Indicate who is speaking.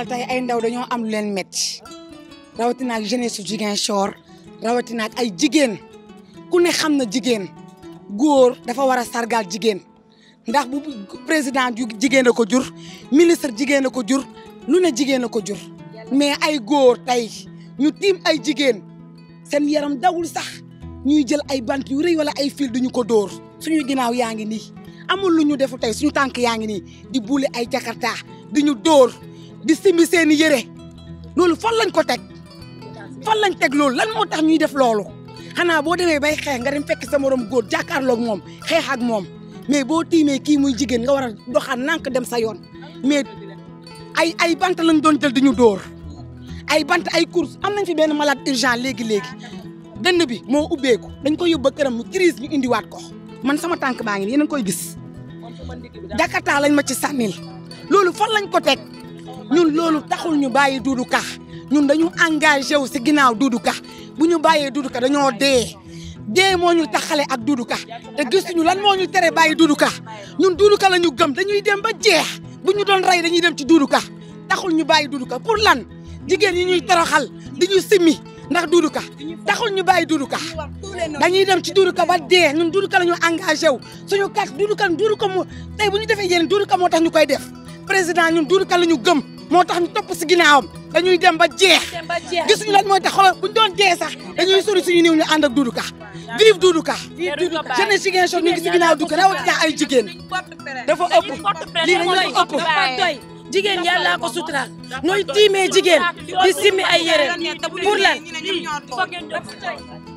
Speaker 1: Sénégal tey ay ndaw dañoo am lu leen métti rawatina ak jeunesse su Ziguinchor rawatina ak ay jigéen ku ne xam na jigéen góor dafa war a sargal jigéen ndax bu président ju jigéen ko jur ministre jigéen ko jur lu ne jigéen ko jur mais ay góor tey ñu tiim ay jigéen seen yaram dawul sax ñuy jël ay bant yu rëy wala ay fil ñu ko dóor suñu ginnaaw yaa ngi nii amul lu ñu defu tey suñu tànk yaa ngi nii di buule ay jakarta di ñu dóor di simbi seeni yére loolu fan lañ ko teg fan lañ teg loolu lan moo tax ñuy def loolu xanaa boo demee bay xeex nga dem fekk sa morom góor jàkkaarloog moom xeex ak moom mais boo tiimee kii muy jigéen nga war a doxaan nànk dem sa yoon mais ay ay bant lañ doon jël di ñu dóor ay bant ay course am nañ fi benn malade urgent léegi léegi dënn bi moo ubbeeku dañ ko yóbbu ba këram mu crise ñu indiwaat ko man sama tànk baa ngi nii yéen a koy gis jakarta lañ ma ci sànnil loolu fan lañ ko teg ñun loolu taxul ñu bàyyi Doudou Ka ñun dañu engagé wu si ginnaaw Doudou Ka bu ñu bàyyee Doudou Ka dañoo dee dee moo ñu tax xale ak Doudou Ka te gisuñu lan moo ñu tere bàyyi Doudou Ka ñun Doudou Ka la ñu gëm dañuy dem ba jeex bu ñu doon rey dañuy dem ci Doudou Ka taxul ñu bàyyi Doudou Ka pour lan jigéen yi ñuy toroxal di ñu simmi ndax Doudou Ka taxul ñu bàyyi Doudou Ka dañuy dem ci Doudou Ka ba dee ñun Doudou Ka la ñu engagé wu suñu kàtt Doudou Ka Doudou Ka moo tey bu ñu defee yéen Doudou Ka tax ñu koy def président ñun Doudou Ka la ñu gëm moo tax ñu topp si ginnaawam dañuy dem ba jeex gisuñu lan mooy tax xoolal bu ñu doon dee sax dañuy sori suñu néew ñu ànd a Doudou Ka vive Doudou Ka jeunesse jigéen so ñu ay jigéen dafa ëpp
Speaker 2: lii dañu dafa ëpp jigéen yàlla ko suturaal
Speaker 1: nooy tiimee jigéen di simmi ay yére pour lan